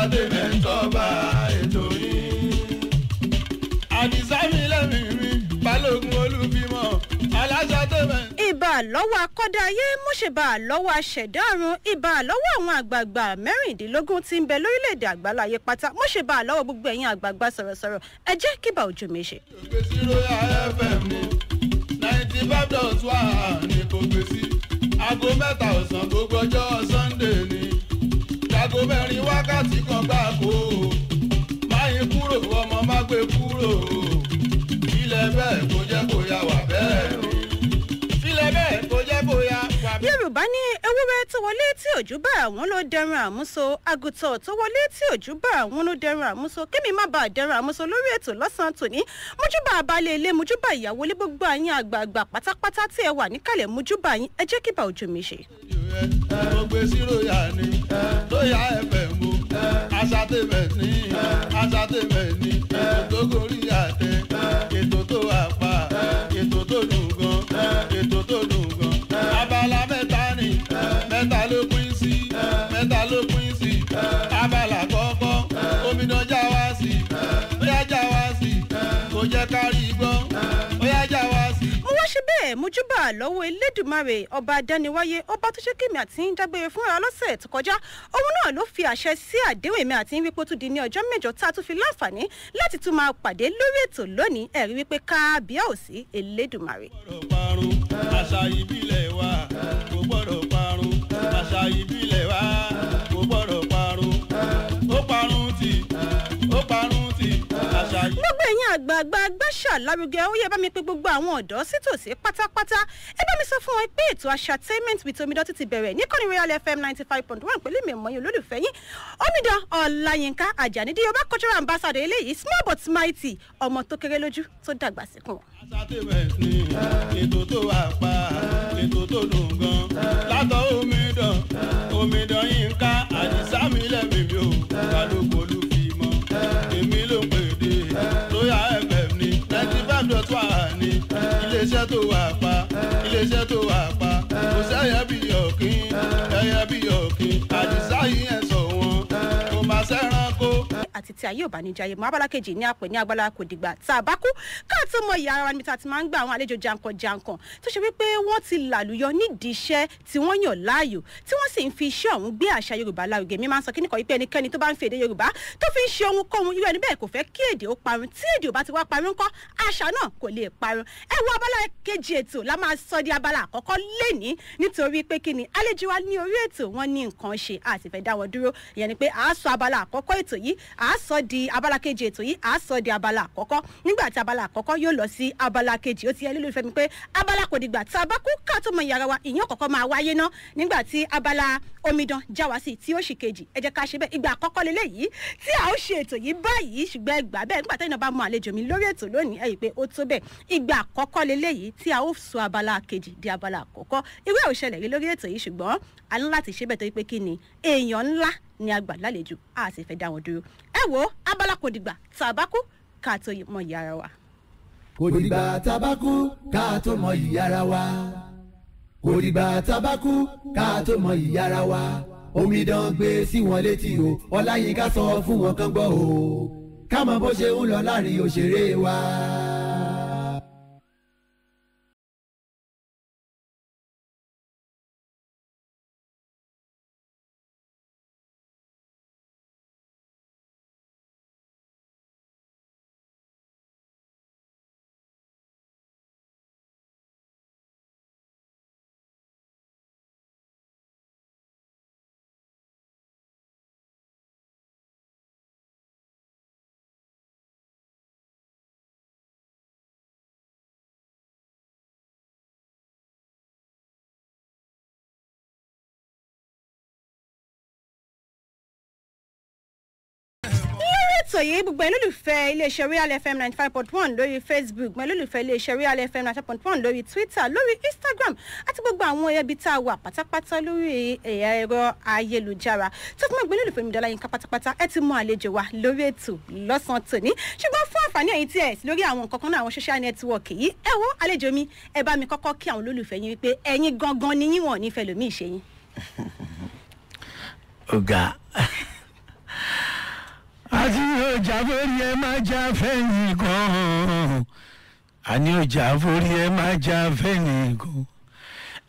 Adéṣadé mẹ́tọ́ba ètò yìí. Àdìsá mi lẹ́mìí mi, Balógun Olúbímọ, Aláṣadé mẹ́tọ́ba ibà lọ́wọ́ akọ́dá ayé mọ̀ṣẹ̀bà lọ́wọ́ aṣẹ̀dá ọ̀run ibà lọ́wọ́ àwọn àgbààgbà mẹ́rìndínlógún tí ń bẹ lórílẹ̀‐èdè àgbáláyé pátá mọ̀ṣẹ̀bà lọ́wọ́ gbogbo ẹ̀yin àgbààgbà sọ̀rọ̀sọ̀rọ̀ ẹ jẹ́ kíbà ojú mi ṣe. ògbésí royal fm ninety five dot one ni kò gbèsè aago mẹ́ta ọ̀sán gbogbo ọjọ́ ọ̀sán ti kan gbà kó máyín kúrò ọmọ má gbé kúrò ilẹ̀ bẹ́ẹ̀ kó jẹ́ kó yá wà bẹ́ẹ̀ ilẹ̀ bẹ́ẹ̀ kó jẹ́ kó yá wà bẹ́ẹ̀. yorùbá ní ewúrẹ́ tó wọlé tí òjú bá àwọn ló dẹran àmúso àgùntàn tó wọlé tí òjú bá àwọn ló dẹran àmúso kémi má bàa dẹran àmúso lórí ètò lọ́sàn-án tòní mojúbà abalẹ̀ ilé mojúbà ìyàwó lé gbogbo àyín àgbààgbà pátápátá tí ẹ wà níkàlẹ̀ mojúbà yín ẹ jẹ́ kí bá ojú mi ṣe. mo gbé sí royal ni royal fm o aṣadébẹ̀. olúwa elédùmarè ọba adániwáyé ọba tó ṣe kémi àti ń dágbére fúnra lọ́sẹ̀ tó kọjá òun náà ló fi àṣẹ sí àdéhùn èmi àti ń wípé ó tún di ní ọjọ́ mẹ́jọ tá a tún fi láǹfààní láti tún máa pàdé lórí ètò lónìí ẹ̀rí wípé káàbíà ò sí elédùmarè. àṣà ìbílẹ̀ wa kò gbọ́dọ̀ parun àṣà ìbílẹ̀ wa. àgbààgbà agbáṣà lárugẹ ó yẹ bá mi pé gbogbo àwọn ọ̀dọ́ sítòsí pátápátá ẹ bá mi sọ fún wọn pé ètò Entertainment with Omidan ti bẹ̀rẹ̀ níkànnì Royal FM ninety five point one pẹ̀lú ìmọ̀ ẹ̀yìn olólùfẹ́ yín Omidan Ọláyínká Àjànídé Yorùbá cultural ambassador eléyìí small but mighty ọmọ tó kéré lójú tó dàgbà síkùn. tí ayé ò bá ní jayé mọ́ abala kejì ní àpè ní agbára kò dìgbà tá a bá kú káà tó mọ ìyá ara wa níbi tá a ti máa ń gba àwọn àlejò jankan jankan tó ṣe wípé wọ́n ti làlùyọ nídìí iṣẹ́ tí wọ́n yàn láàyò tí wọ́n sì ń fi iṣẹ́ ọ̀hún gbé àṣà yorùbá lárugẹ mi máa ń sọ kí nìkan wípé ẹnikẹ́ni tó bá ń fi èdè yorùbá tó fi ń ṣe ohun kóhun irú ẹni bẹ́ẹ̀ kò fẹ́ kí èdè ó parun tí èdè ò bá ti wá parun ńkọ́ àṣà náà kò lè parun ẹ wo abala kejì ètò la máa sọ di abala àkọ́kọ́ lénìí nítorí pé kí ni àlejò wa ní orí ètò wọn ní nǹkan ṣe àti fẹ́ dá wọn dúró ìyẹn ni pé àá sọ abala àkọ́kọ́ ètò yìí àá s sọ di abala kejì ètò yìí à á sọ di abala àkọ́kọ́ nígbà tí abala àkọ́kọ́ yóò lọ sí abala kejì ó ti yẹ lílùfẹ́ mi pé abala kò dìgbà tá a bá kú ká tó mọ ìyára wa ìyẹn kọ̀ọ̀kan máa wáyé ná nígbà tí abala omidan já wa sí tí ó sì kejì ẹ jẹ́ ká ṣe bẹ́ẹ̀ ìgbà àkọ́kọ́ lélẹ̀ yìí tí a ó ṣe ètò yìí báyìí ṣùgbọ́n ẹgbàá bẹ́ẹ̀ nígbà tẹ́yìn náà bá mọ àlejò mi lórí ètò lónìí ẹ pé ó tó bẹ́ẹ̀ ìgbà àkọ́kọ́ lélẹ̀ yìí tí a ó sọ abala kejì di abala àkọ́kọ́ irú ẹ̀ ò ṣẹlẹ̀ rí lórí ètò yìí ṣùgbọ́n a ní láti ṣe bẹ́ẹ̀ torí pé kí ni èèyàn ńlá ni a gbà lálejò a sì fẹ́ dá wọn dúró ẹ wo abala kò dìgbà tàbákú ká tó mọ ìyá ara wa. kò dìgbà tàbákú ká tó mọ ìyá ara wa kò dìgbà tàbákú ká tó mọ ìyá ara wa omidan gbé sí wọn létí o ọláyínká sọ fún wọn kán gbọ́ o ká mọ bó ṣe ń lọ láàrin òṣèré wa. ètò yìí gbogbo olólùfẹ́ iléeṣẹ́ Real FM ninety five point one lórí Facebook gbogbo olólùfẹ́ iléeṣẹ́ Real FM ninety five point one lórí Twitter lórí Instagram àti gbogbo àwọn ẹbí tá a wà pátápátá lórí ẹ̀rọ ayélujára tó fún gbogbo olólùfẹ́ mi Dọ́láyínká pátápátá ẹ ti mọ àlejò wa lórí ètò lọ́sàn-án tòní ṣùgbọ́n fún àǹfààní ẹ̀yin tí ẹ̀ lórí àwọn nǹkan kan náà àwọn social network yìí ẹ wo àlejò mi ẹ bá mi kọ́kọ́ kí àwọn olólùfẹ́ yín wípé ẹ̀yin gangan ni yín wọ̀n nífẹ̀ẹ́ lòmíì ṣe yín. ọ̀gá àti ọjà forí ẹ má já fẹ́yìn kan àní ọjà forí ẹ má já fẹ́yìn kan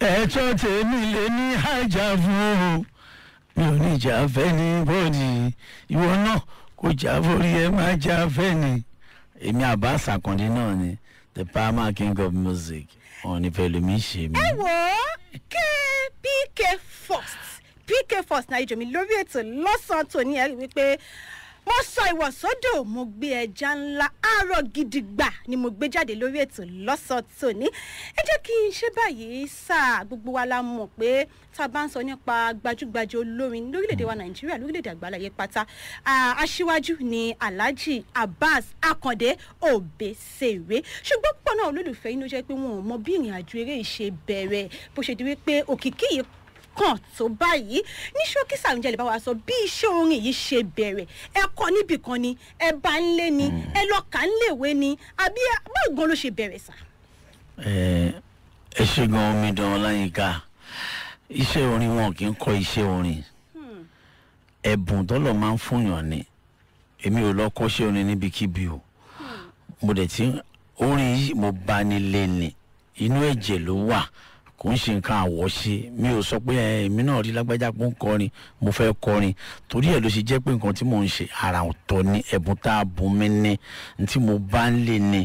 ẹ̀tọ́ tèmi lè ní àjà fún o mi ò ní ìjà fẹ́ni bọ́ọ̀dì ìwọ náà kò jà forí ẹ má já fẹ́ni èmi àbá àsàkàndé náà ni the palmer king of music òní pẹ̀lú mi ṣe mí. ẹ wò ó pk first pk first náà ìjọ mi lórí ètò lọ́sàn-án tòní ẹ wípé mo sọ ìwọ̀ sódò mo gbé ẹja ńlá àárọ̀ gidigba ni mo gbé jáde lórí ètò lọ́sọ̀ọ́ tòní ẹ jẹ́ kí n ṣe báyìí sáà gbogbo wa la mọ̀ pé tá a bá ń sọ nípa gbajúgbajà olórin lórílẹ̀‐èdè wa nàìjíríà lórílẹ̀‐èdè àgbáláyé pátá aṣíwájú ni alhaji abbas akande obesere ṣùgbọ́n pọ̀ náà olólùfẹ́ inú jẹ́ pé wọn ò mọ bí ìrìn àjò eré ìṣe bẹ̀rẹ̀ bó ṣe di wípé òkìkí yìí kàn tó báyìí ní ṣókí sàrúnjẹ lè bá wa sọ bí iṣẹ́ orin yìí ṣe bẹ̀rẹ̀ ẹ níbì kan ni ẹ bá ń lé ni hmm. ẹ lọ kà ń léwe ni àbí báwo gan ló ṣe bẹ̀rẹ̀ sà. ẹ ṣe gan omi dán ọláyínká iṣẹ́ orin wọn kì í kọ́ iṣẹ́ orin hmm. ẹ̀bùn tọ́lọ̀ máa ń fúnyàn ni èmi ò lọ kọ́ṣẹ́ orin níbikíbi o hmm. mo dẹ̀ ti orin yìí mo bá nílé ni inú ẹ̀jẹ̀ ló wà kò ń ṣe nǹkan àwọ̀ṣe mi ò sọ pé èmi náà rí lágbájá pé ń kọrin mo fẹ́ kọrin torí ẹ̀ ló ṣe jẹ́ pé nǹkan tí mò ń ṣe ara ọ̀tọ̀ ni ẹ̀bùn tá a bùn mí ní tí mo bá ń lè ní.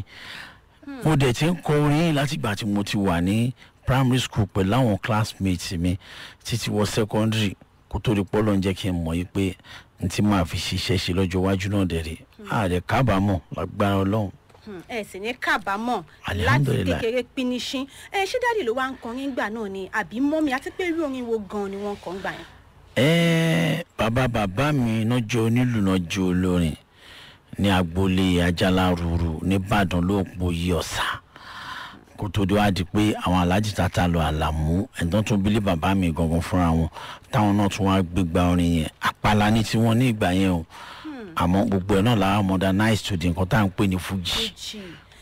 Hmm. mo dẹ̀ ti ń kọrin látìgbà tí mo ti wà ní primary school pẹ̀lú àwọn classmates mi títí wọ secondary kó tó di pọ́lọ́ ń jẹ́ kí n mọ̀ yí pé n ti máa fi ṣiṣẹ́ ṣe lọ́jọ́ iwájú náà dẹ̀ rí àdẹ̀ hmm. kábàámọ̀ lágbára ọlọ́run Hmm. ẹ sì ní kábàámọ̀ láti kékeré pínísín ẹ ṣé dáàdì ló wá ń kọrin gbà náà ni àbí mọ́mí àti pé irú orin wo gan ni wọ́n kọ́ ń gbà yẹn. ẹ bàbá bàbá mi náà jẹ onílù náà jẹ olórin ní agboolé ajálárúurú nìbàdàn ló gboyè ọ̀sà kó tó di wá di pé àwọn aláàjì tata lọ àlàmú ẹ̀dán tó bílé bàbá mi gangan fúnra wọn táwọn náà tún wá gbégbá orin yẹn àpàlà ni tiwọn ní ìgbà yẹn o àmọ́ gbogbo ẹ̀ náà la modernize to di nǹkan tá à ń pè ní fújì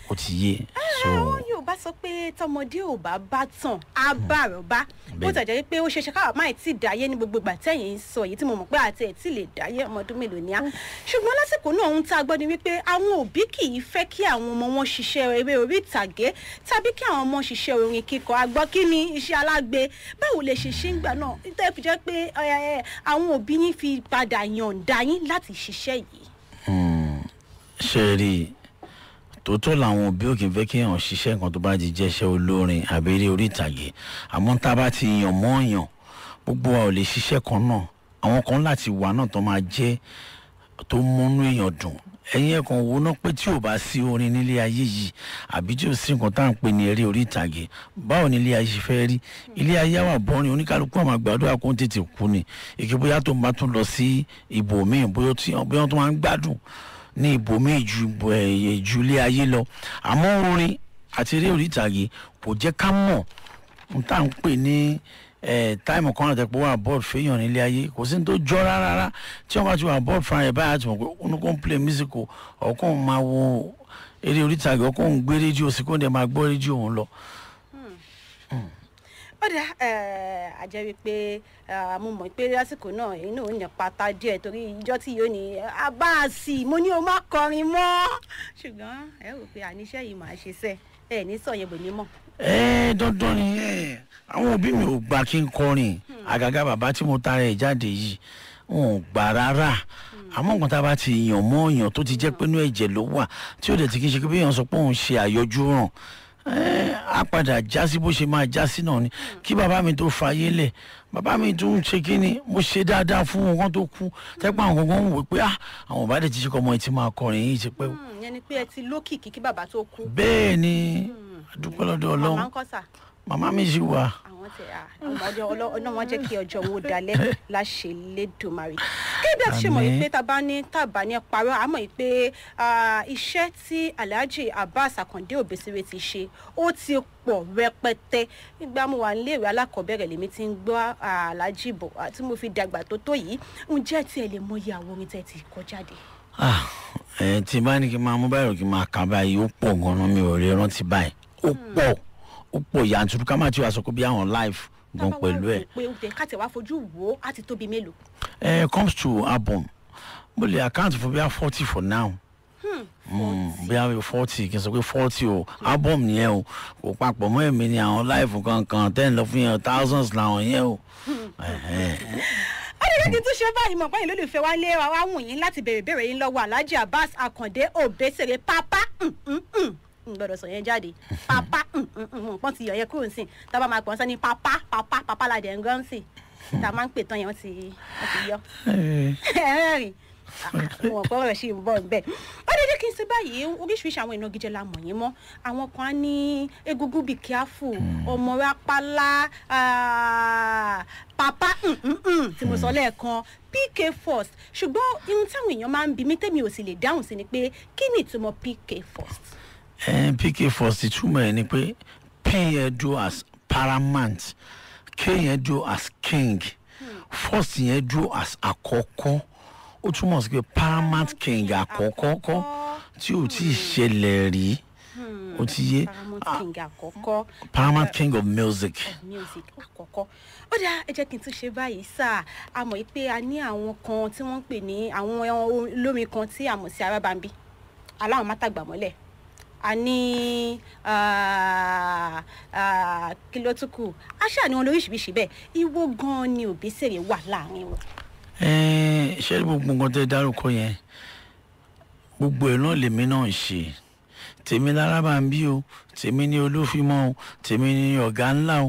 ó ti yé. Ah, àwọn Yorùbá sọ pé tọmọdé ò bá bá tàn á hmm. bá rọ bá bó tàjẹ́ pé ó ṣeéṣe káwá máì tí ì ní gbogbo ìgbà tẹ̀yìn ń sọ èyí tí mo mọ̀ pé àti ẹ̀ tí lè dáyé ọmọ mélòó ni á. Hmm. ṣùgbọ́n lásìkò náà ohun tá a gbọ́ ni wípé àwọn òbí kì í fẹ́ kí àwọn ọmọ wọn ṣiṣẹ́ eré orí ìtàgé tàbí kí àwọn ọmọ ṣiṣẹ́ orin kíkọ àgbọ́ kí ni iṣẹ́ alágbe báwo lè ṣe ṣe ń gbà náà nítorí tòótọ́ làwọn òbí òkè fẹ́ kí èèyàn ṣiṣẹ́ nǹkan tó bá di jẹ́ṣẹ́ olórin àbẹ̀rẹ̀ orí ìtàgé àmọ́ tá a bá ti yàn mọ́ yàn gbogbo wa ò lè ṣiṣẹ́ kan náà àwọn kan láti wà náà tó máa jẹ́ tó múnú èèyàn dùn ẹ̀yin ẹ̀kan wo náà pé tí ò bá sí orin nílé ayé yìí àbí tí ò sí nǹkan tá à ń pè ní eré orí ìtàgé báwo ni ilé ayé ṣe fẹ́ rí ilé ayé àwọn àbọ̀rin oníkálukú àwọn àgbàdo àkó tètè kú ni èké bóyá tó ń tún lọ sí ibòmíì bóyá tó máa ń gbádùn ní ibòmíì ju eh, ju ilé ayé lọ àmọ́ orin àti eré orí ìtàgé kò jẹ́ ká mọ̀ n tá n pè ní eh, táìmù kan àti ẹ̀pọ̀ wà bọ́ọ̀d fẹ́yàn nílé ayé kò sí ní tó jọ rárá tí wọ́n bá ti wà bọ́ọ̀d fún ayẹyẹ báyà tó mọ̀ pé òun kò ń play music ọkọ̀ máa wo eré orí ìtàgé ọkọ̀ gbé rédíò sí máa gbọ́ rédíò òun lọ ó dá àjẹ́ wípé mo mọ̀ pé lásìkò náà inú ò yàn pátá díẹ̀ torí ìjọ tí yóò ní abáàsì mo ní o má kọrin mọ́ ṣùgbọ́n ẹ rò pé àníṣe yìí màá ṣe sẹ́ ẹ ní sọ̀yẹ̀ bò ní mọ̀. ẹ dandan ni àwọn òbí mi ò gbà kí n kọrin hmm. àgàgà bàbá tí mo tara ẹ̀ jáde yìí wọn ò gbà rárá hmm. àmọ́ nǹkan tá a bá ti yàn mọ́ yàn tó ti jẹ́ hmm. pé inú ẹ̀jẹ̀ ló wà tí ó dẹ̀ ti kí n ṣe pé bí èèyàn sọ pé òun ṣe àyọjú ràn á padà já sí bó ṣe máa já sí náà ni kí bàbá mi tó fàyè lẹ̀ bàbá mi tó ń ṣe kí ni mo ṣe dáadáa fún wọn kán tó kú tẹ́pọ̀ àwọn gangan wò pé ah, àwọn ò ti ṣe kọ́ ọmọ ẹ̀ ti máa kọrin yìí ṣe pé. Hmm, ìyẹn ni pé ẹ ti lókìkí kí bàbá tó kú. bẹ́ẹ̀ ni hmm. a dúpẹ́ màmá mi ṣì wà. àwọn wọ́n ti ọ̀nà wọn jẹ́ kí ọjọ́ wo dalẹ̀ láṣẹ lẹ́dùnmarì kébí àti ṣe mọ̀ yìí pé taba ní taba ní parọ́ àmọ́ yìí pé iṣẹ́ tí Alhaji Abbas Akande Obesere ti ṣe ó ti pọ̀ rẹpẹtẹ nígbà mo wà níléèwé alákọ̀ọ́bẹ̀rẹ̀ lèmi ti ń gbọ́ Alhaji bọ̀ tí mo fi dàgbà tó tó yìí ǹjẹ́ tí ẹ lè mọyì àwọn orin tẹ́ ti kọ jáde. ẹ ti bá ní kí n máa mú báyìí kí n máa kà báyìí ó pọ̀ gan-an mi ò rí rántí báyìí ó hmm. pọ̀ ó pọ̀ yanturu ká má ti wá sọ pé bí àwọn live gan pẹ̀lú ẹ̀. pé ẹ comes to album mo lè account for bí forty for now hmm, hmm, bí i forty kì í sọ pé forty o album yẹn o kò papọ̀ mọ́ èmi ni àwọn live kankan ten lọ fún yẹn thousands làwọn yẹn o adédèkì tún ṣe báyìí mọ̀ báyìí lólùfẹ́ wa lé wa wá wù yín láti béèrè béèrè yín lọ́wọ́ Alhaji Abbas Akande Obesere pápá gbọ́dọ̀ sọ yẹn jáde papa mm, mm, mm, pọ́n ti yọ̀ yẹn kúrò nsìn tábà máa pọ́n sẹ́ni papa papa papa la dẹ̀ ń gbọ́n sìn tá a máa ń pè tán yẹn wọ́n ti yọ. Eh. ẹ̀rẹ́rìn ah, wọn kọ́ ọ̀rọ̀ ṣì ń bọ̀ bẹ́ẹ̀. ó dédé kí n ṣe báyìí oríṣiríṣi àwọn ìnagijẹ la mọ̀ yín mọ́ àwọn kan á ní egungun bíi kíáfù hmm. ọmọ rápálá ah, pàpá tí mo sọ hmm. lẹ́ẹ̀kan pk first ṣùgbọ́n ohun táwọn èèyàn máa ń bi mí tẹ́mi ò sì lè dáhùn sí ni pé kí ni ìtumọ̀ pk first. Eh, pk force two ẹ̀ ni pé p yẹn as paramount k yẹn as king force yẹn dúró as àkọ́kọ́ ó túmọ̀ sí pé paramount king Akoko, kọ́ tí ò tí ì ṣẹlẹ̀ rí hmm. ti yé ah. paramount king of music. Eh, àkọ́kọ́ ó dáa ẹ jẹ́ kí n tún ṣe báyìí sáà a mọ̀ pé a ní àwọn kan tí wọ́n ń pè ní àwọn olómi kan tí a mọ̀ sí arábàmbí aláwọn mátàgbàmọ́lẹ̀ a ní kí ló tún kù a ṣáà ní wọn lóríṣiríṣi bẹ́ẹ̀ ìwo gan-an ni Òbésèré wà láàrin wọn. ṣé gbogbo nǹkan tẹ́ dárúkọ yẹn gbogbo ẹ̀ náà lèmi náà ṣe tèmi lára bá ń bí o tèmi ní olúfimọ o tèmi ní ọ̀gá ńlá o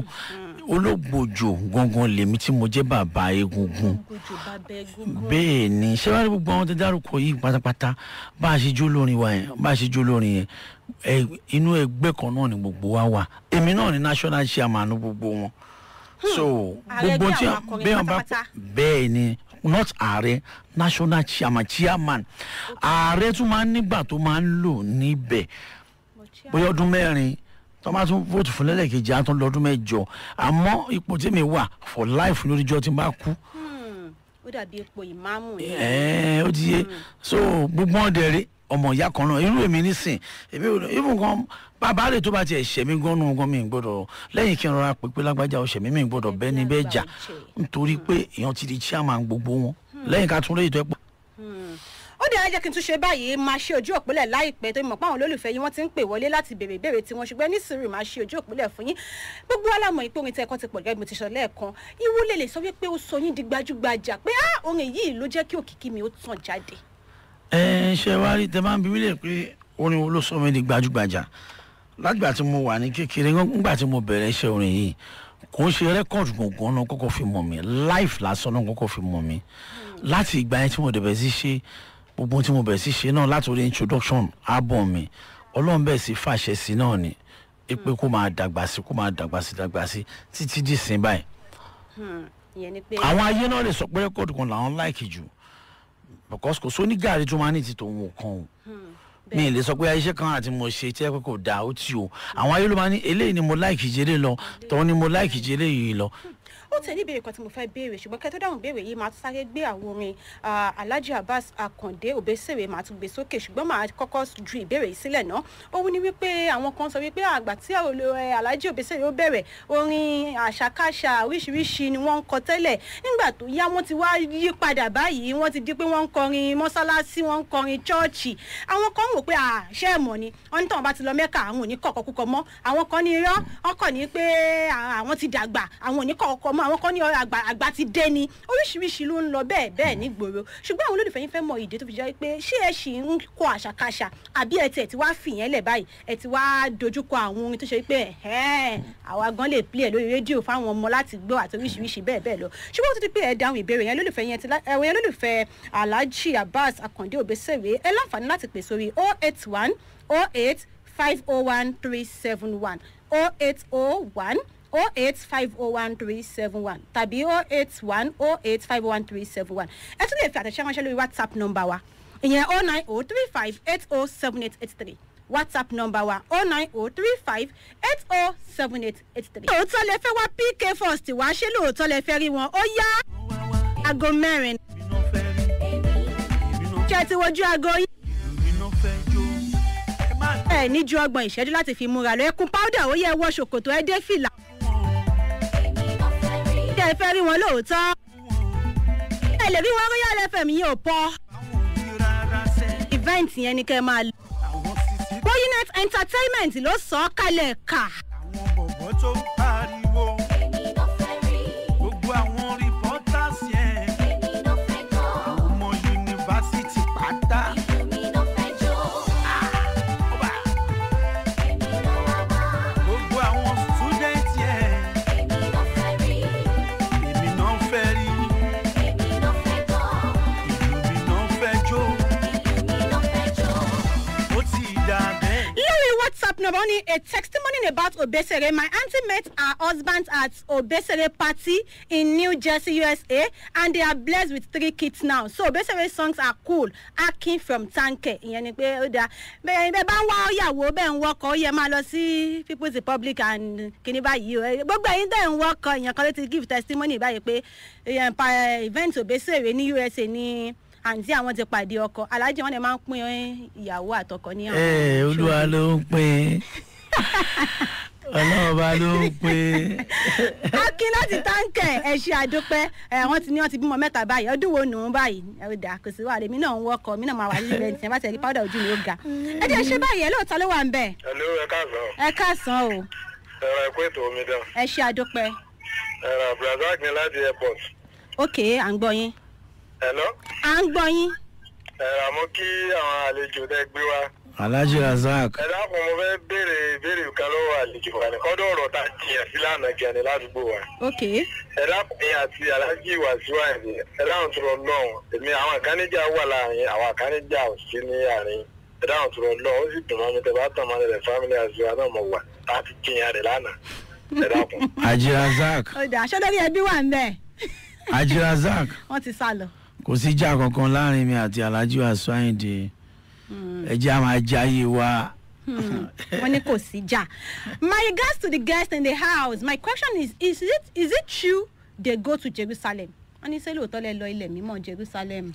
olóògbòjò gangan lèmi tí mo jẹ́ bàbá egungun bẹ́ẹ̀ ni ṣé wàá rí gbogbo àwọn tó dárúkọ yìí pátápátá bá a ṣe jó lórin wa yẹn bá a ṣe jó lórin yẹn inú ẹgbẹ́ kan náà ni gbogbo wa wà èmi náà ni national chairman gbogbo wọn hmm. so gbogbo tí bẹ́ẹ̀ bá bẹ́ẹ̀ ni not ààrẹ national chairman chairman ààrẹ tún máa ń nígbà tó máa ń lò níbẹ̀ bóyá ọdún mẹ́rin tó bá tún vóòtù fún lẹ́lẹ́kejì á lọ́dún mẹ́jọ àmọ́ ipò tí mi wà for life lóríjọ́ tí n bá kú. Hmm, ó dàbí ipò ìmáàmù ni. ẹ ẹ ó ti yé hmm. so gbogbo ọ̀dẹ̀rẹ̀ ọmọ ìyá kan náà irú èmi nísìn èmi ò irú nǹkan bàbá rẹ̀ tó bá tiẹ̀ ṣẹ̀mí gan-an gan mi gbọ́dọ̀ lẹ́yìn kí n rọra pèpè lágbájá o ṣẹ̀mí mi gbọ́dọ̀ bẹ́ẹ̀ ni bẹ́ẹ̀ jà nítorí pé èèyàn ti di chairman gbogbo wọn hmm. lẹ́yìn ká tún lóye tó ẹ pọ̀ ó dẹ̀ ẹ́ jẹ́ kí n tún ṣe báyìí máa ṣe ojú òpìlẹ̀ láìpẹ́ tó mọ̀ pé àwọn olólùfẹ́ yín wọ́n ti ń pè wọlé láti béèrè ìbéèrè tiwọn ṣùgbọ́n ní máa ṣe ojú òpìlẹ̀ fún yín gbogbo wa la mọ̀ orin tẹ́ ẹ̀kọ́ ti pọ̀ gẹ́gẹ́ bí ti sọ lẹ́ẹ̀kan ìwú lè sọ wípé ó sọ yín di gbajúgbajà pé á orin yìí ló jẹ́ kí òkìkí mi ó tàn jáde. ẹ kò ń ṣe rẹ́kọ̀dù gbọ̀ngàn náà kọ́kọ́ fi mọ̀ mí life lásán náà kọ́kọ́ fi mọ̀ mí hmm. láti ìgbà yẹn tí mo dẹ̀bẹ̀ sí ṣe gbogbo tí mo bẹ̀rẹ̀ sí ṣe náà látòrí introduction album mi ọlọ́run bẹ̀rẹ̀ sí fàṣẹ sí náà ni pé kó máa dàgbà sí kó máa dàgbà sí dàgbà sí títí dìsín báyìí. Hmm, àwọn ayé náà lè sọ pé rẹ́kọ̀dù kan làwọn láìkì jù because kò sóní gàrí tó máa ní ti tòun kan o hmm, mi lè sọ pé iṣẹ́ kan àti mo ṣe tí ẹ pé kò dáa ó tì o àwọn ayé ló máa ní eléyìí ni mo láìkì jẹ́ lọ tọ́ ni mo láìkì jẹ́ yìí lọ ó tẹ̀lé ìbéèrè kan tí mo fẹ́ béèrè ṣùgbọ́n kẹ́ tó dáhùn béèrè yìí máa tún sáré gbé àwọn orin Alhaji Abbas Akande Obesere máa tún gbé sókè ṣùgbọ́n máa kọ́kọ́ ju ìbéèrè yìí sílẹ̀ ná òun ni wípé àwọn kan sọ wípé àgbà tí Alhaji Obesere ó bẹ̀rẹ̀ orin àṣàkáṣà oríṣiríṣi ni wọ́n ń kọ tẹ́lẹ̀ nígbà tó yá wọ́n ti wá yí padà báyìí wọ́n ti di pé wọ́n ń kọrin mọ́sálásí wọ́n ń kọrin ṣọ́ọ̀ṣì àwọn kan wò pé àṣẹ ẹ̀mọ́ ni wọ́n ní tọ́wọ́n bá ti lọ mẹ́ka àwọn ò ní kọ̀ọ̀kọ̀ kúkọ mọ́ àwọn kan ní irọ́ wọ́n ní pé àwọn ti dàgbà àwọn ò ní kọ̀ọ̀kọ̀ ọmọ àwọn kan ní àgbà àgbà ti dé ni oríṣiríṣi ló ń lọ bẹ́ẹ̀ bẹ́ẹ̀ nígboro ṣùgbọ́n àwọn olólùfẹ́ yín fẹ́ mọ ìdí tó fi jẹ́ pé ṣé ẹ ṣì ń kọ àṣàkáṣà àbí ẹ tiẹ̀ ti wá fìyẹn lẹ̀ báyìí ẹ ti wá dojúkọ àwọn orin tó ṣe pé àwa gan lè play ẹ lórí rédíò fáwọn ọmọ láti gbọ́ àti oríṣiríṣi bẹ́ẹ̀ bẹ́ẹ̀ lọ ṣùgbọ́n tó ti pé ẹ dáhùn ìbéèrè yẹn lólùfẹ́ yẹn ti 0801 08501371. eight five oh one three seven one tàbí oh ẹ tún lè fi àtẹ̀ṣẹ́ ránṣẹ́ lórí whatsapp nọ́mbà wa ìyẹn 09035807883. whatsapp number wa 09035807883. nine oh three five lóòótọ́ lẹ fẹ́ wá pk first wá ṣé lóòótọ́ lẹ fẹ́ rí wọn ó yá aago mẹ́rin. ṣé ti wojú aago yín. ẹ ní ju ọgbọ̀n ìṣẹ́jú láti fi múra lọ ẹ kun powder ó yẹ wọ ṣòkòtò ẹ dé fìlà ẹ fẹ́ rí wọn lóòótọ́ ẹ lè rí wọn royal fm yìí ò pọ̀ event yẹn ni kẹ́ ẹ máa lọ boyinet entertainment ló sọ ọ́ kalẹ̀ kà. àwọn bọ̀bọ̀ tó ń bá a. Noboni a testimony about Obesere. My auntie met her husband at Obesere party in New Jersey, USA, and they are blessed with three kids now. So Obesere songs are cool. I came from Tanke. Ìyẹn ni pé ó dáa. Bẹ́ẹ̀ bá ń wá ìyàwó bẹ́ẹ̀ ń People's Republic and kìíní báyìí o. Gbogbo ẹ̀yin tẹ̀ ń wọkọ̀ give testimony by pé eh, event Obesere ní USA ní. in usa àǹtí àwọn ti pàdé ọkọ aláàjì wọn ni máa ń pín ìyàwó àtọkọ ní àwọn. ẹ olúwa ló ń pín ọlọ́run bá ló ń pè é. akin láti táǹkẹ̀ ẹ ṣe àdópẹ́ ẹ wọ́n ti ní wọ́n ti bímọ mẹ́ta báyìí ọdún wo nù ún báyìí ẹ ò dà kò sí wàhálà èmi náà ń wọkọ̀ èmi náà máa wà nílẹ̀ tí ẹ bá ti rí powder ojú mi ó ga. ẹ jẹ́ ṣé báyìí ẹ lóòótọ́ ló wà ń bẹ̀. ẹ̀lú ẹ káàsán. ẹ káàsán o. ẹ̀rọ ẹ̀kú ètò omi dán. ẹ ṣe àdópẹ́. ẹ̀rọ abdulrasaq ni láti airport. ok hello. à ń gbọ́ yín. ẹ àmọ́ kí àwọn àlejò dẹ gbé wa. Alhaji Razak. ẹ dákun mo fẹ́ béèrè ìbéèrè kan lọ́wọ́ àlejò wa ni kọ́dọ̀ ọ̀rọ̀ tá a sí lánàá jẹ ni ládùúgbò wa. ok. ẹ dákun yín àti Alhaji Wasiu Ayinde ẹ dáhùn tó lọ lọ́hùn èmi àwọn àkánijà wà láàrin àwọn àkánijà ò sí ní àárín ẹ dáhùn tó lọ lọ́hùn ó sì dùn mọ́ mi tẹ bá tàn mọ́ rẹ̀ family àzúwà náà mọ̀ wà a ti jìyà rẹ̀ lánàá ẹ dákun. Alhaji Razak. ó dà aṣọ́dọ́rí ẹbí wà Razak. wọ́n ti kò sí ìjà kankan láàrin mi àti Alhaji Wasiu Ayinde ẹ jẹ́ wa. Hmm. wọ́n ní kò sí ìjà. My regards to the guests in the house. My question is, is it, is it true they go to Jerusalem? wọ́n ní ṣé lóòótọ́ lọ ilẹ̀ mímọ́ Jerusalem.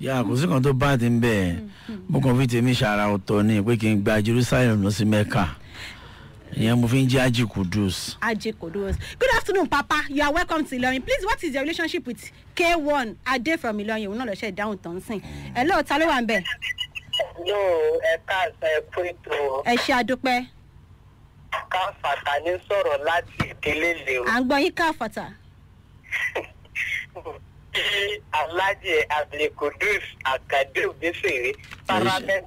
Ya kò sí kan tó bá ti ń bẹ̀ hmm. hmm. mo kàn fi tèmi ṣàrà ọ̀tọ̀ ni pé kí n gba Jerusalem lọ sí Mẹ́kà. Yeah, moving to Aji Kudus. Aji Kudus. Good afternoon, Papa. You are welcome to Ilorin. Please, what is your relationship with K1 Ade from Ilorin? We're not going to down Tonsin. Hello, ta ló wà ńbẹ̀? Yo, Eka, Ekuito. Ẹ ṣé adúpẹ́. Káfàtà ní sọ̀rọ̀ láti ìdílé lèo. À ń gbọ́ yín káfàtà. Ṣé Alájẹ Abdulkudus Akadéu Bísèré Parliament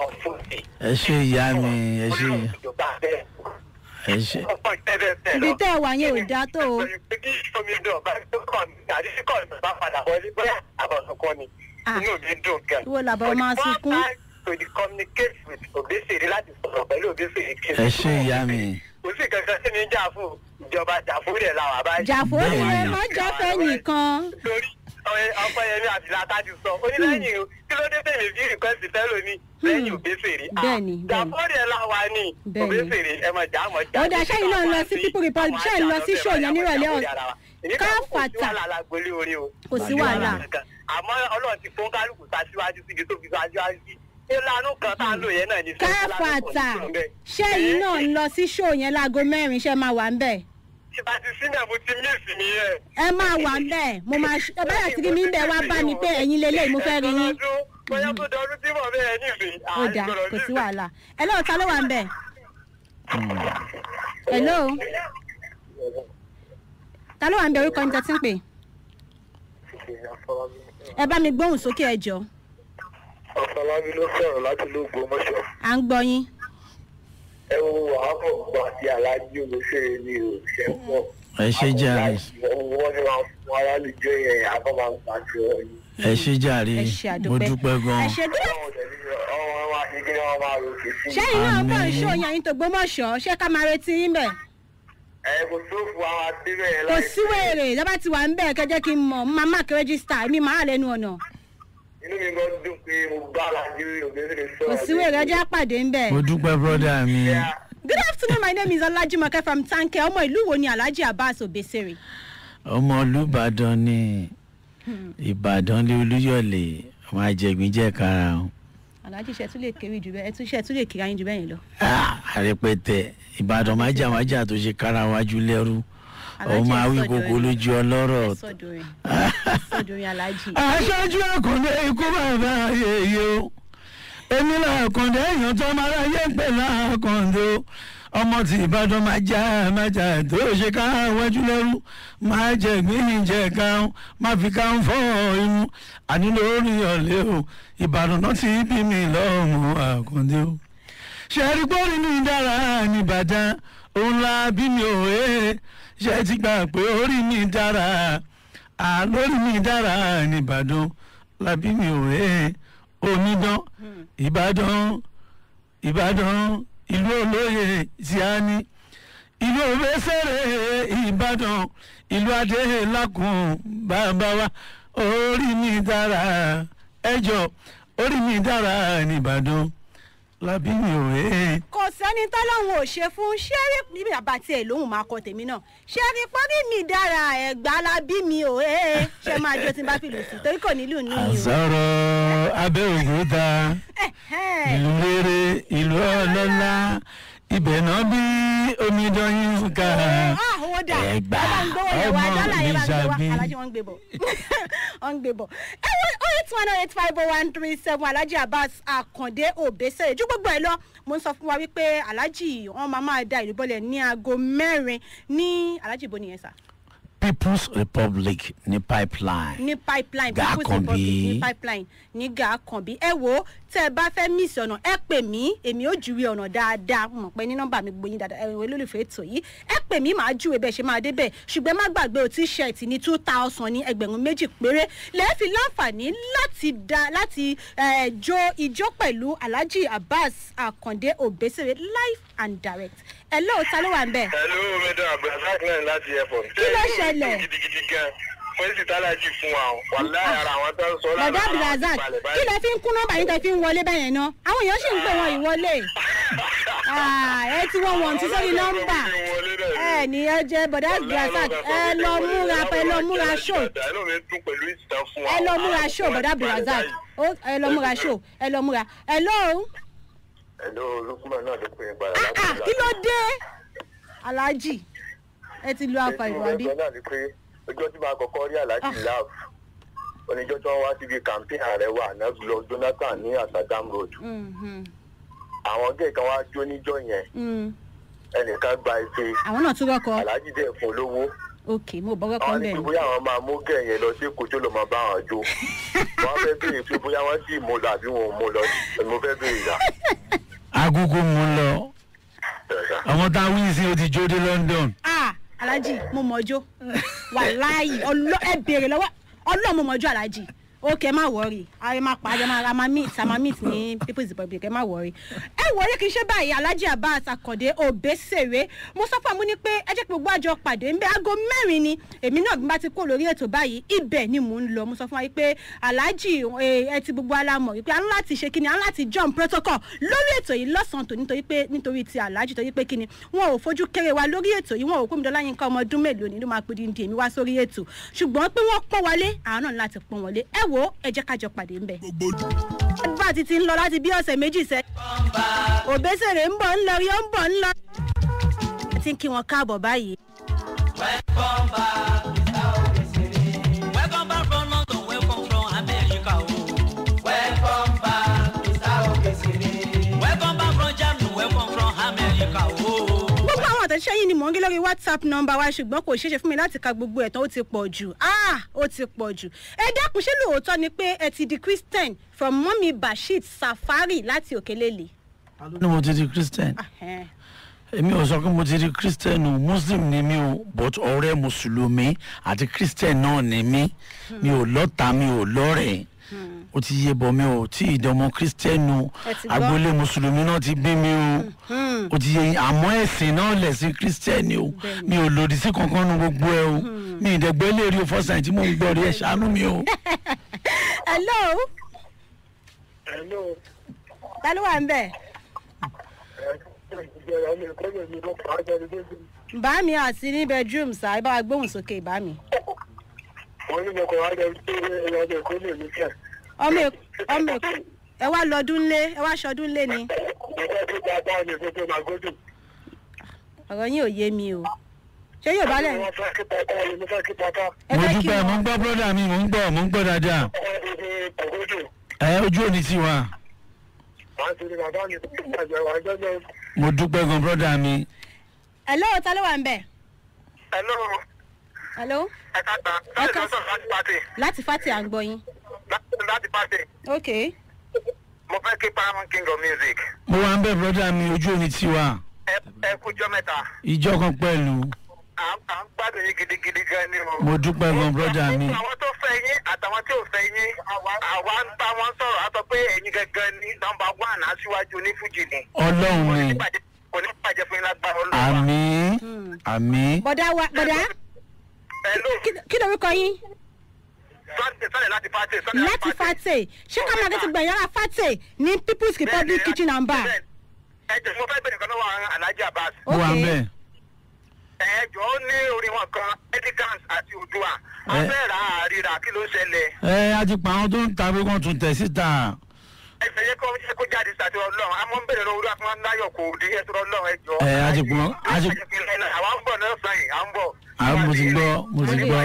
of Fusi? Ẹ ṣé ìyá mi, ẹ ṣé ìyá ibi tẹ́ ẹ wà yẹn ò dá tó o. Ah. ìwọ làbọ̀ máa sunkún. To the communicate with Obesere láti sọ̀rọ̀ pẹ̀lú Ẹ ṣe ìyá mi. Jàfó ìjọba Jàfó rẹ̀ fẹ́ nìkan. Torí ọpẹ́yẹmí àbílá tá a ti sọ. Onílẹ̀yìn kí ló dé tèmi bí rìkọ́sì fẹ́ lónìí lẹ́yìn òbẹ́sẹ̀rẹ̀ àjàfọ́rẹ̀ la o ní òbẹ́sẹ̀rẹ̀ ẹ máa jà á mọ̀ jà á. ọ̀dà sẹ́yìn náà ń lọ sí people report sẹ́yìn ń lọ sí show yẹn nírọ̀lẹ́ ọ̀sán káfàtà kò sí wàhálà. àmọ́ ọlọ́run ti fún kálukú sáṣíwájú síbi tó fi sáṣíwájú sí ìlànà kan tá a lò yẹn náà ní. káfàtà sẹ́yìn náà lọ sí show yẹn mẹ́rin ṣẹ́ máa wà ń bẹ̀ ẹ máa wà bẹ́ẹ̀ mo máa ṣe ẹ báyà síbi mi ń bẹ̀ wá bá mi pé ẹ̀yin lélẹ̀ mo fẹ́ rí yín. bóyá tó dọ ọdún tí mò ń bẹ ẹ níbi. ó dà kò sí wàhálà ẹ lọ́wọ́ ta ló wà ń bẹ̀. hello ta ló wà ń bẹ̀ orúkọ níta tí ń pè. ẹ bá mi gbóhùn sókè ẹ jọ. ọ̀sán lábí ló sọ̀rọ̀ láti lóògùn ọmọṣọ́. à ń gbọ́ yín. ẹ wo àwọn ọgbà àti aláàjì olóṣèré mi ò ṣe pọ. ẹ ṣe jàre. wọ́n ti máa fún aráàlú jọ yẹn àbọ̀ máa ń pàṣẹ ọyìn. ẹ ṣe jàre mo dúpẹ́ gan gbọ́mọ̀ṣọ́ ṣé ká máa retí yín bẹ̀. ẹ kò àwọn láì. kò síwèrè lọ́ba ti wà ń bẹ̀ kẹ́jẹ́ kí n mọ̀ máa èmi lẹ́nu ọ̀nà. inú mi gan dùn pé mo gbá lájú òbẹ́rẹ́ sọ. kò sí pàdé ń bẹ̀. mo dúpẹ́ brọ́dà mi. good afternoon my name is olajimoke from tanke ọmọ ìlú wo ni alhaji abbas obesere. ọmọ olùbàdàn ni ìbàdàn lé olúyọ̀lé ọmọ ajẹgbìnjẹ kára o. alhaji ṣe tún lè kéré jù bẹ́ẹ̀ ẹtún ṣe tún lè kéré ayé jù bẹ́ẹ̀ yẹn lọ. Ah, àrẹpẹtẹ ìbàdàn májàmájà tó ṣe kára wájú lẹ́rú ọmọ awíkoko lójú ọlọ́rọ̀ aṣáájú àkàndé ikú bàbá yèyé o èmi là àkàndé èèyàn tó máa ráyé pè là àkàndé ọmọ tí ìbàdàn máa já máa já tó ṣe ká wájú lẹ́rú máa jẹ gbìyànjú jẹ káwọn máa fi káwọn fọ́ inú àní lórí ọ̀lẹ́ o ìbàdàn náà ti bí mi lọ́rùn àkàndé o ṣe é rí pọ́nrin ní ìbàdàn òun la bí mi ò ẹ́ ṣe ti gbà pé orí mi dára àlórí mi dára nìbàdàn làbí mi ò rè onídán ìbàdàn ìbàdàn ìlú olóye ziani ìlú òbẹ́sẹ̀rẹ̀ ìbàdàn ìlú adé lákùn bàbá wa orí mi dára ẹjọ orí mi dára nìbàdàn lábí mi ò rè é. kò sẹ́ni tọ́lọ́hún ò ṣe fún ṣẹ́rí níbi bàbá tiẹ̀ lóhùn máa kọ tèmi náà ṣẹ́rí pọ́bí mi dára ẹ̀gbá lábí mi ò rè é ṣe máa jó tí n bá fi lù sí torí kò nílù ní ìlú. àzọrọ abẹ́ òyò da ìlú rere ìlú ọlọ́lá ibẹ̀ náà bí omidanyin ká ah, ah, ẹ̀gbá ọmọ mi ṣàbí. ẹ wọ eight one oh eight five oh one three seven alhaji abbas akande obese ju gbogbo ẹ lọ mo ń sọ fún wa wípé alhaji wọn máa máa da ìlú bọ́lẹ̀ ní aago mẹ́rin ní alhaji ibo nìyẹn sà people's republic ní pipeline. ní pipeline people's republic ní pipeline ní gàákànbí ẹ wo tẹ ẹ bá fẹ́ mísì ọ̀nà ẹ pè mí èmi ò júwe ọ̀nà dáadáa mo mọ̀ pé ní nọ́mbà mi gbogbo yín dáadáa ẹ̀rọ olólùfẹ́ ètò yìí ẹ pè mí màá júwe bẹ́ẹ̀ ṣe máa débẹ̀ ṣùgbọ́n má gbàgbé o t-shirt ní two thousand ní ẹgbẹ̀rún méjì péré lẹ́ẹ̀fì láǹfààní láti da láti jó ijó pẹ̀lú alhaji abbas akande obesere live and direct hello ta ló wà ń bẹ̀. hello madam abdulrasaq náà láti airport. kí ló ṣẹlẹ̀. gidigidi gan fèsì tálájì fún wa wàlá ara àwọn tó ń sọ lára àwọn abdulrasaq kí lẹ fi ń kún nọ́mbà yín tẹ fi ń wọlé bẹyẹn náà àwọn èèyàn sì ń pè wọn ìwọlé ah, ẹ ti wọn wọn ti sórí nọ́mbà ẹ ní ẹ jẹ bọdà abdulrasaq ẹ lọ múra ẹ lọ múra ṣó ẹ lọ múra ṣó bọdà abdulrasaq ẹ lọ múra ṣó ẹ lọ múra ẹ lọ. ẹ̀dọ́ olùkúmọ̀ náà ló pè é padà ah, ah, láti kí ló dé aláàjì ẹ ti lu afa náà ni pé ọjọ́ tí màá kọ́kọ́ rí ah. oníjọ́ tí wọ́n wá síbi ààrẹ wa ní Asagam road. Mm-hmm. àwọn gẹ́gẹ́ kan yẹn mm. ẹnìkan gba ife dẹ̀ fún olówó. ok mo bọ́gọ́ kan bẹ́ẹ̀. wọ́n á ní pé bóyá àwọn máa mú kẹ̀yìn lọ sí kojú ló máa bá àwọn jó wọ́n fẹ́ bèèrè pé bóyá wọ́n sì mú lọ àbí wọn mú lọ mo fẹ́ bèèrè yà. agogo mú lọ ọmọ tá a wí sí o ti jó dé London. ah alhaji mo mọ̀ ọjọ́ wàláyé ẹ béèrè lọ́wọ́ ọlọ́ọ̀ mo mọ̀ ọjọ́ alhaji. Okay, ma worry. wọrí ààrẹ máa pa àjọ máa ma meet ama meet ní people's republic ẹ má wọrí. ẹ wọlé kì í ṣe báyìí alhaji abbas akande obesere mo sọ fún àmú ni pé ẹ jẹ́ pé gbogbo àjọ pàdé ń bẹ aago mẹ́rin ni èmi náà bí n bá ti kúrò lórí ètò báyìí ibẹ̀ ni mò ń lọ mo sọ fún wa pé alhaji ẹ ti gbogbo alamọ̀ wípé a ń ṣe kíni a ń jump protocol lórí ètò yìí lọ́sàn-án tò nítorí pé nítorí ti alhaji torí pé kíni wọn ò fojú kéré wa lórí ètò yìí wọn ò gómìnà láyínká ọmọ ọdún mélòó ni ló máa pè díndín èmi wá sórí ètò ṣùgbọ́n pé wọ́n pọ́n wọlé àwọn náà láti pọ́n wọlé ẹ w wo ẹ jẹ́ ká jọ pàdé ńbẹ̀. bá a ti ti ń lọ láti bí ọ̀sẹ̀ méjì sẹ́. òbésèrè ń bọ̀ ń lọ yóò ń bọ̀ ń lọ. ẹ ti ń kí wọn káàbọ̀ báyìí. yìí ni mò ń gé lórí whatsapp number wa ṣùgbọ́n kò ṣeé ṣe fún mi láti ka gbogbo ẹ̀tàn ó ti pọ̀ jù ah ó ti pọ̀ jù ẹ dákun ṣé lóòótọ́ ni pé ẹ ti di christian from mummy bashir safari láti òkèlélẹ̀. ni mo ti di christian ah, èmi ò sọ pé mo ti di christian o muslim ni mi o but ọ̀rẹ́ mùsùlùmí àti christian náà ni mi mi ò lọ́ta mi ò lọ́rẹ̀ẹ́ o ti yé bọ̀ mi o tí ìdánmọ̀ kírísítẹ́nù agboolé mùsùlùmí náà ti bí mi o o hmm. ti yé àmọ́ ẹ̀sìn náà lẹ̀sìn kírísítẹ́nì o mi ò lòdì sí kankan nu gbogbo ẹ o hmm. mi ìdẹ̀gbẹ́ lè rí o fọ́sàn tí mò ń gbọ́ rí ẹ ṣàánú mi o. hello. hello. ta wà ń bẹ̀. bá mi àti ní bedroom sáà ibà gbóhùn sókè bá mi àwọn onímọ̀kọ̀ ọmọ èkó ọmọ èkó ẹ wá lọdún lé ẹ wá ṣọdún lé ni. ọ̀rọ̀ yín ò yé mi o ṣé yóò bá lẹ̀. mo dúpẹ́ mo ń gbọ́ bọ́dà mi mo ń gbọ́ mo ń gbọ́ dáadáa. ẹ ojú òní sí wa. mo dúpẹ́ gan bọ́dà mi. hello ta ló wà ń bẹ̀. hello. hello ẹ̀ka gbà láti láti pàtẹ. láti pàtẹ à ń gbọ́ yín. láti pàtẹ. ok. mo fẹ́ kí paramount king of music. mo wá ń bẹ̀ broda mi ojú omi ti wa. ẹ kú jọ ìjọ kan pẹ̀lú. à ń gbádùn yín gidigidi gan ni o. mo dúpẹ́ gan broda mi. àwọn tó fẹ́ yín àtàwọn tí ò fẹ́ yín àwa ń bá wọn sọ̀rọ̀ a pé ẹ̀yin gangan ni nọmba one aṣíwájú onífújì ni. ọlọ́run ni kò ní bàjẹ́ fún yín lágbára olúwa. àmì àmì. bọ̀dá wa bọ̀dá kí lorúkọ yín. láti fàtẹ ṣé kámá gẹ́tì gbẹ̀yìn ara fàtẹ ní people's republic kitchen and bar. ẹ jẹ́ mo fẹ́ bẹ̀rẹ̀ kan lọ́wọ́ aláàjì abbas. ó wà mẹ́ẹ̀ ẹjọ́ ní orí wọn kan elegance àti odua abẹ́rẹ́ àríra kí ló ṣẹlẹ̀. ẹ a ti pa àwọn tó ń ta pé wọ́n tún tẹ̀ síta ẹyẹ kọ ẹ kó jáde sàtì ọlọ́run àmọ́ ń bẹ̀rẹ̀ lọ orí akọmọ náyọ kò di ẹ sọ̀rọ̀ ọlọ́run ẹ jọ. ẹ àjẹkùn àjẹkùn àwọn ń bọ̀ náà sàn yìí à ń bọ̀. àwọn mo ti gbọ́ mo ti gbọ́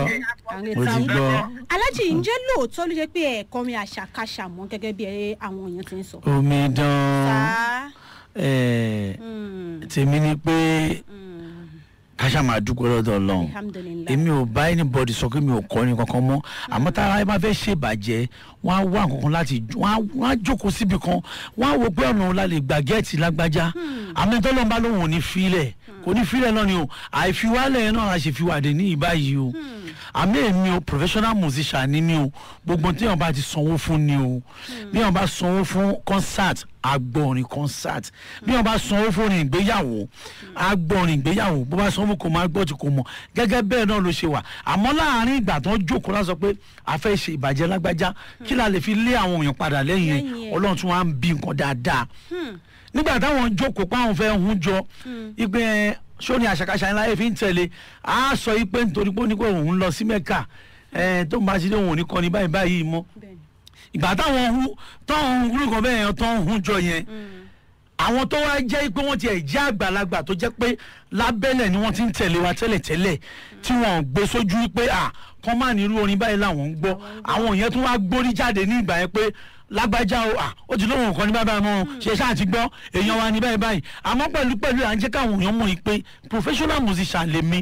mo ti gbọ́. alájì ǹjẹ́ lóòótọ́ ló jẹ́ pé ẹ̀kọ́ mi àṣàkáṣà mọ́ gẹ́gẹ́ bí àwọn èèyàn ti ń sọ. omidan eh, hmm. tèmi ni pé. Mm káṣá máa dúpẹ́ lọ́dọ̀ ọlọ́run èmi ò bá anybody sọ pé mi ò kọrin kankan mọ́ àmọ́ tára ẹ bá fẹ́ ṣèbàjẹ́ wọ́n á wá nǹkan láti wọ́n á jókòó síbi kan wọ́n á wo pé ọ̀nà òun la lè gbà gẹ́ẹ̀tì lágbájá hmm. àmọ́ ẹ̀tọ́ lọ́nba lóhùn ò ní fílẹ̀ kò ní fílẹ̀ náà ni o àìfiwálẹ̀ náà la ṣe ní ìbáyìí o. Hmm àmì èmi o professional musician ni mi o gbogbo tí èèyàn bá ti sanwó fún ni o bí èèyàn bá sanwó fún concert agbọ̀nrin concert bí wọn bá sanwó fóònù ìgbéyàwó agbọ̀nrin ìgbéyàwó bó bá sanwó kò máa gbọ́ tí kò mọ̀ gẹ́gẹ́ bẹ́ẹ̀ náà ló ṣe wà àmọ́ láàárín ìgbà tó ń jókòó láti sọ pé a fẹ́ ṣe ìbàjẹ́ lágbájá kí la lè fi lé àwọn èèyàn padà lẹ́yìn ọlọ́run tí wọ́n á ń bí nǹkan dáadáa hmm. nígbà táwọn jókòó páwọn fẹ́ hun jọ hmm. ìgbẹ́ sóni àṣàkáṣà ńlá yẹn fi ń tẹ̀lé a sọ yìí pé nítorí pé ó ní pé òun ń lọ sí mẹ́kà tó ń bá ṣe dé òun ò ní kọ́ni báyìí báyìí mọ́ ìgbà táwọn ohun tọ́hún orúkọ bẹ́ẹ̀ yẹn tọ́hún hun jọ yẹn mm. àwọn tó wá jẹ́ pé wọ́n ti ẹ̀ jẹ́ àgbàlagbà tó jẹ́ pé lábẹ́lẹ̀ ni wọ́n ti ń tẹ̀lé wa tẹ́lẹ̀tẹ́lẹ̀ tí wọ́n ń gbé sójú pé à kọ́ máa nírú orin báyìí làwọn ń gbọ́ àwọn yẹn tún wá gbórí jáde ní ìgbà yẹn pé lágbájá o ó ti lóun kan ní bàbá mọ ṣe ṣáà ti gbọ́ èèyàn wa ní báyìí báyìí àmọ́ pẹ̀lú pẹ̀lú à ń jẹ́ káwọn èèyàn mọ̀ pé professional musician lèmi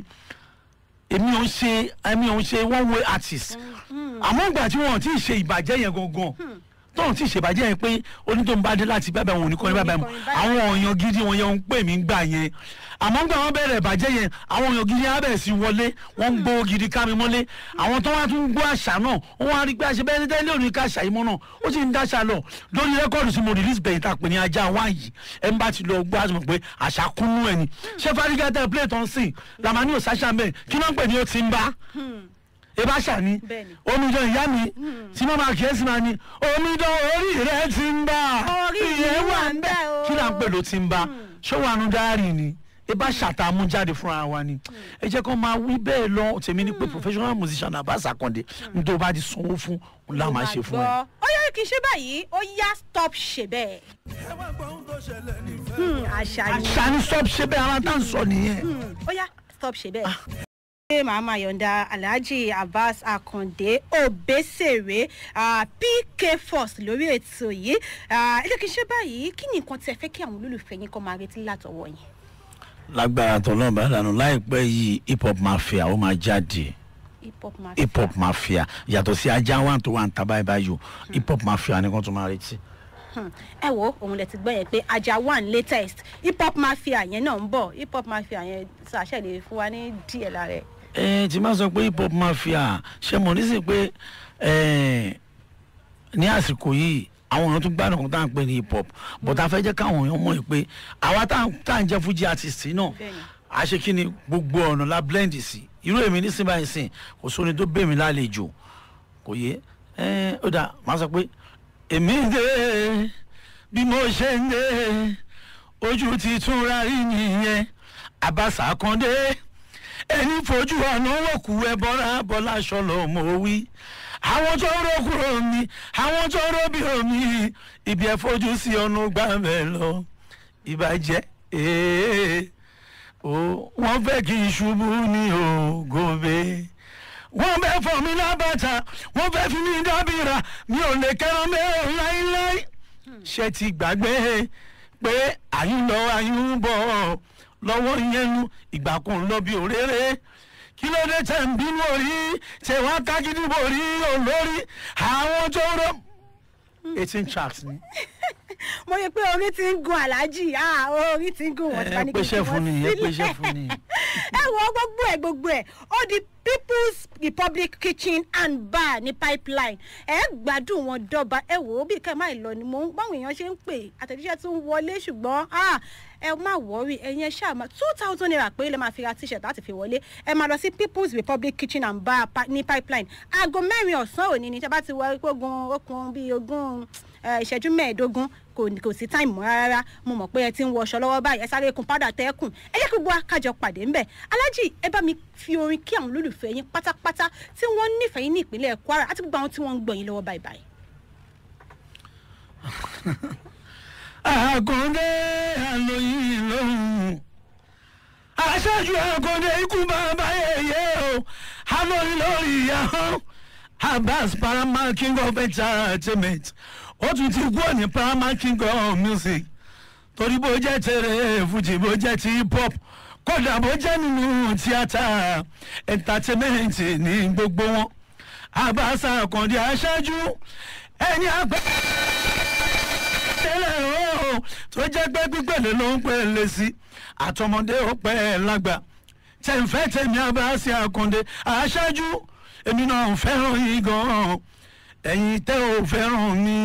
èmi ò ń ṣe èmi ò ń ṣe one way artist hmm, hmm. àmọ́ ìgbà tí wọ́n ti ṣe ìbàjẹ́ yẹn gangan. Hmm tóun sì ṣèbàjẹ́ yẹn pé onítòun bá dé láti bàbá wọn oníkọ́ni bàbá wọn àwọn ọ̀yàn gidi wọn yẹn ń pè mí gbà yẹn àmọ́ nígbà wọn bẹ̀rẹ̀ ìbàjẹ́ yẹn àwọn ọ̀yàn gidi yẹn bẹ̀rẹ̀ sí wọlé wọn ń gbó gidi ká mi mọ́lé àwọn tó wá tún gbọ́ àṣà náà wọn wá rí pé àṣẹ bẹ́ẹ̀ tẹ́lẹ̀ òní ká àṣà yìí mọ́ náà ó sì ń dáṣà lọ lórí rẹ́kọ̀dù sí mo release bẹ̀yìn tá a pè ní ajá wá yìí ẹ̀ ń bá ti plate on sìn làmánú ò sáṣà mẹ́ kí ìbá ṣàní omijọ ìyá mi tí mo máa kíyèsí máa ní omijọ orí rẹ ti ń bá ìyẹn wà ń bẹ kí là ń pè ló ti ń bá hmm. ṣé wàá nu dáárì ni ìbá ṣàtàmú jáde fúnra wa ni hmm. ẹ jẹ́ kó máa wí bẹ́ẹ̀ lọ tèmi ni pé hmm. professional musician Abass Akande ní tó bá ti sanwó fún un láà máa ṣe fún ẹ. ó yẹ kí n ṣe báyìí ó yá stop ṣe bẹ́ẹ̀. àṣà ni stop ṣe bẹ́ẹ̀ ara tá à ń sọ nìyẹn. ó yá stop ṣe bẹ́ẹ̀. Ah pé màá máa yọ̀ǹda alhaji abbas akande obesere pk force lórí ètò yìí ẹlẹ́kìnṣẹ́ báyìí kí ni nǹkan tẹ fẹ́ kí àwọn olólùfẹ́ yín kọ́ máa retí látọwọ́ yín. lágbára tọ́lọ́ bá dànù láìpẹ́ yìí hip hop mafia ó máa jáde hip hop mafia yàtọ̀ sí ajá wa tó wà ń ta báyìí báyìí hmm. hip hop mafia ni wọ́n tún máa retí hmm. ẹ wo òun lè ti gbọ́ yẹn pé ajá one latest hip hop mafia yẹn náà ń bọ̀ hip hop mafia yẹn sàṣẹ̀ lè fún wa ní díẹ̀ lára ẹ̀ ẹ ti máa sọ pé hip hop mafia ṣe mọ̀ nísìnyí pé ní àsìkò yìí àwọn èèyàn tún gbádùn kan tá à ń pè ní hip hop but a fẹ́ jẹ́ káwọn èèyàn mọ̀ pé àwa tá à ń jẹ́ fújì artist náà a ṣe kí ni gbogbo ọ̀nà la blend sí irú èmi nísìnyí báyìí sìn kò sóni tó bẹ̀ mí lálejò kò yé ó dà máa sọ pé èmi dé bí mo ṣe ń dé ojú ti tún rárí nìyẹn àbáṣà kan dé ẹni fojú àná wọ̀kú ẹbọra bọ́lá aṣọ lọ́mọ wí àwọn tó rókùrò mi àwọn tó róbì omi ibi ẹ fojú sí ọ̀nù gbà mẹ́ lọ ìbàjẹ́ eh, o wọ́n fẹ́ kí n ṣubú ní o wọ́n fẹ́ fọ mi lábàtà wọ́n fẹ́ fi mi dábìrà mi ò lè kẹ́ran mẹ́rin láíláí ṣe ti gbàgbé pé àyùn lọ àyùn bọ̀ lọ́wọ́ yẹnu ìgbàkùn lọ́bi òréré kí ló dé tẹ̀ ń bínú orí ṣe wá kágídíbò rí olórí àwọn tó rọ eighteen tracks ni. mo rí i pé orí ti ń gun aláàjì orí ti ń gun wọn ti bá ní kí n fún wọn sílẹ̀ ẹ wo gbogbo ẹ gbogbo ẹ ó di People's Republic Kitchen and Bar ní pipeline ẹ gbádùn wọn dọ́ba ẹ wò ó bí kẹ́ máa lọ ni mò ń báwọn èèyàn ṣe ń pè àtẹ̀jíṣẹ́ tó wọlé ṣùgbọ́n ẹ má wọ́ọ̀rì ẹ̀yin ẹ ṣáà two thousand naira pé lè máa fi ra t-shirt láti fi wọlé ẹ máa lọ sí people's republic kitchen and bar ní pipeline aago mẹ́rin ọ̀sán òní ni tí a bá ti wọ ogun okun bíi ogún ìṣẹ́jú mẹ́ẹ̀ẹ́dógún kò sí táìmù mọ́ rárá mo mọ̀ pé ẹ ti ń wọṣọ lọ́wọ́ báyìí ẹ sáré kun pádà tẹ́kùn ẹ jẹ́ kí gbogbo akájọ pàdé ńbẹ̀ alájì ẹ bá mi fi orin kí àwọn olólùfẹ́ yín pátápátá tí wọ́n nífẹ̀ẹ́ yín ní ìpínlẹ̀ kwara àti gbogbo àwọn tí wọ́n ń gbọ̀yìn lọ́wọ́ báyìí báyìí. àkàndé àlòyìn lòun aṣáájú àkàndé ikú bàbá yèyé o àlòyìn lórí ìyàwó Abbas Paramount King of Entertainment ó tún ti kú òní Paramount King of Music torí bó jẹ́ tèrè fújì bó jẹ́ ti hip hop kódà bó jẹ́ nínú tíátà entertainment ní gbogbo wọn Abbas Àkàndé aṣáájú ẹni àgbà tẹ́lẹ̀ o tó jẹ́ pé pípẹ́lẹ́ ló ń pẹ́ lé sí àtọmọdé ó pẹ́ lágbà tẹ̀ǹfẹ́ tẹ̀mí abáṣe àkàndé aṣáájú èmi náà fẹ́ràn yín gan-an ẹ̀yin tẹ́ ò fẹ́ràn mi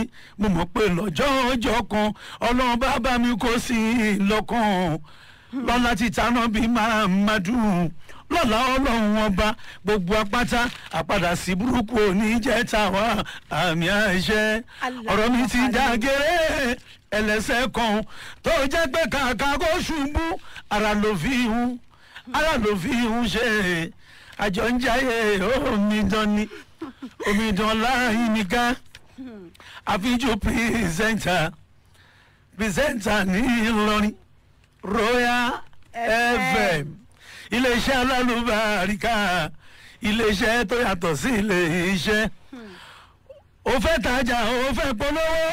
mo mọ̀ pé lọ́jọ́ ọjọ́ kan ọlọ́run bá bá mi kó sí i lọ́kàn lọ́la ti tanná bí máa má dùn lọ́la ọlọ́run ọba gbogbo apáta àpadà sí burúkú òní jẹ́ tàwa àmì àìṣe ọ̀rọ̀ mi ti dàgẹ́rẹ́ ẹlẹ́sẹ̀ kan tó jẹ́ pé kàkà kó ṣubú ara ló fi hun ara ló fi hun ṣe àjọ ń jáyé omidan ni omidan láàyè nìkan àfijù pírẹsẹ̀ntà pírẹsẹ̀ntà ní Royal FM iléeṣẹ́ alálùbáríkà iléeṣẹ́ tó yàtọ̀ sí iléeṣẹ́ ó fẹ́ tajà ó fẹ́ polówó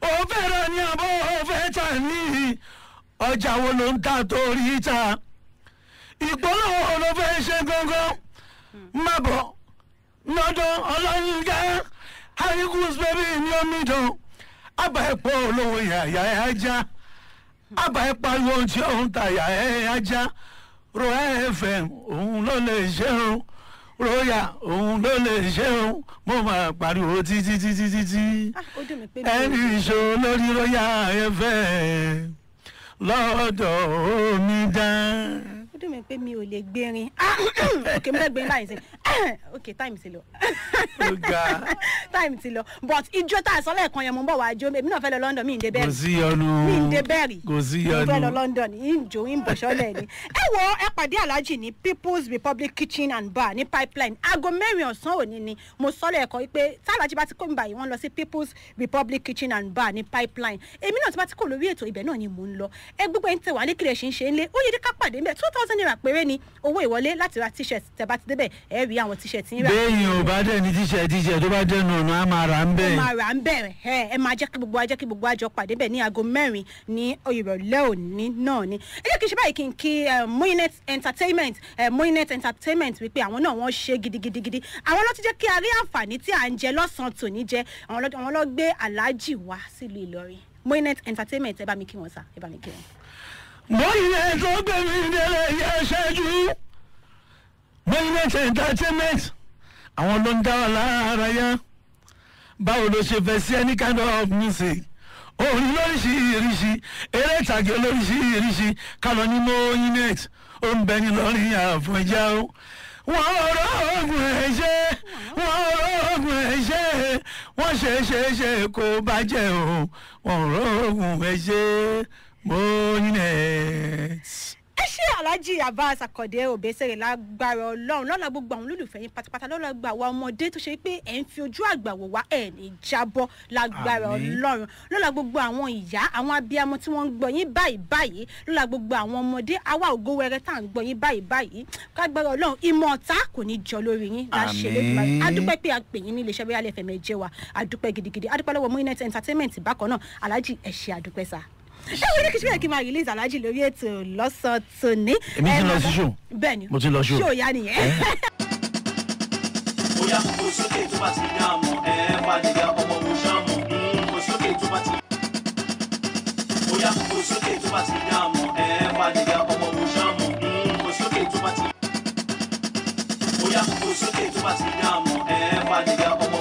ó fẹ́ràn ní àbọ̀ ó fẹ́ tà ní ọjà wo ló ń ta torí ta ìpolówó ló fẹ́ ṣe gangan má bọ̀ lọ́dọ̀ ọlọ́yin jẹ́ harikus bẹ́bí ní omi dùn àbá ẹ̀pọ̀ olówó yàyà ẹ̀ ajá àbá ẹ̀pọ̀ ariwo tí ta yàyà ẹ̀ ajá ro fm òun ló lè ṣe róyà òun ló lè ṣe mo máa pariwo títí títí títí ah, ẹni ìṣó lórí róyà ẹ̀fẹ̀ lọ́dọ̀ omi dán ó dùn mí pé mi ò lè gbẹrin òkè mi fẹ́ gbẹrin báyìí sí òkè time ti lọ time ti lọ but ijó tá a sọ lẹ́ẹ̀kan yẹn mo ń bọ̀ wá jó èmi náà fẹ́ lọ London mi ń dé bẹ́ẹ̀rì kò sí yọnu mi ń dé bẹ́ẹ̀rì kò sí yọnu mo fẹ́ lọ London ìjò ìbọ̀sọ́lẹ̀ ni ẹ wo ẹ pàdé aláàjì ní People's Republic Kitchen and Bar ní pipeline aago mẹ́rin ọ̀sán òní ni mo sọ lẹ́ẹ̀kan pé tálájì bá ti kó mi báyìí wọ́n lọ sí People's Republic Kitchen and Bar ní pipeline èmi náà ti bá ti kó lórí ètò ibẹ̀ náà ni mò ń lọ ẹ gbogbo ẹ̀ ń tẹ̀wá ní thousand thousand naira péré ni owó ìwọlé láti ra t-shirt tẹ́ ti débẹ̀ ẹ rí àwọn t-shirt yín rà. bẹ́ẹ̀ni ò bá dẹ̀ ní t-shirt t-shirt tó bá dẹnu ọ̀nà á máa rà ń bẹ̀. ó máa rà ń bẹ̀ ẹ ẹ máa jẹ́ kí gbogbo ajẹ́ kí gbogbo àjọ pàdé bẹ̀ ní aago mẹ́rin ní ìrọ̀lẹ́ òní náà ni. ẹ jẹ́ kí n ṣe báyìí kí n kí Muinet Entertainment Muinet Entertainment wípé àwọn náà wọ́n ṣe gidigidigidi àwọn ló ti jẹ́ kí a rí àǹfààní tí à ń jẹ lọ́sàn-án tòní jẹ àwọn ló gbé Entertainment ẹ bá mi kí wọn Mọ̀yìnlẹ̀ tó gbẹ̀mí délẹ̀ yẹ ṣẹ́jú. Mọ̀yìnlẹ̀ ṣe entertainment. Àwọn ló ń dá wa lára yá. Báwo ló ṣe fẹ́ sí any kind of music? Orin lóríṣiríṣi, eré ìtàgé lóríṣiríṣi, kálọ̀ ní Mọ̀yìnlẹ̀ ó ń bẹ ní lọ́rin àfọ̀njá o. Wọ́n rọ́ oògùn ẹ̀ṣẹ́, wọ́n rọ́ oògùn ẹ̀ṣẹ́, wọ́n ṣe é ṣe é ṣe kó bàjẹ́ o. Wọ́n rọ́ oògùn ẹ̀ṣẹ́. Bonyinets. ẹ ṣe alhaji abbas akọ̀dé òbẹ́sẹ̀rẹ̀ lágbára ọlọ́run lọ́la gbogbo àwọn olólùfẹ́ yín pátápátá lọ́la gba àwa ọmọdé tó ṣe pé ẹ̀ ń fi ojú àgbà wò wá ẹ̀ ní jábọ́ lágbára ọlọ́run lọ́la gbogbo àwọn ìyá àwọn abiyamọ tí wọ́n ń gbọ́ yín báyìí báyìí lọ́la gbogbo àwọn ọmọdé àwa ògo wẹrẹ tá à ń gbọ́ yín báyìí báyìí kágbára ọlọ́run ìmọ̀ ọ̀tá kò ní jọ lórí yín láṣẹ lójúmọ́ adúpẹ́ pé a pè yín ní iléeṣẹ́ bóyá lẹ́fẹ̀ẹ́ mẹ́jẹ wa adúpẹ́ gidigidi adúpẹ́ lọ́wọ́ Moinet entertainment bákan náà alhaji ẹ ṣé adúpẹ́ sá ṣé orí kìí ṣe kí n máa release alhaji lórí ètò lọ́sàn-án tòní. èmi ti lọ sí ṣó bẹ́ẹ̀ mo ti lọ ṣó ṣó ya nìyẹn. bóyá kò sókè tó bá ti dá mọ̀ ẹ pàdé ọmọ òòṣà mọ̀ hmm, kò sókè tó bá ti. bóyá kò sókè tó bá ti dá mọ̀ ẹ pàdé ọmọ òòṣà mọ̀ hmm, kò sókè tó bá ti. bóyá kò sókè tó bá ti dá mọ̀ ẹ pàdé ọmọ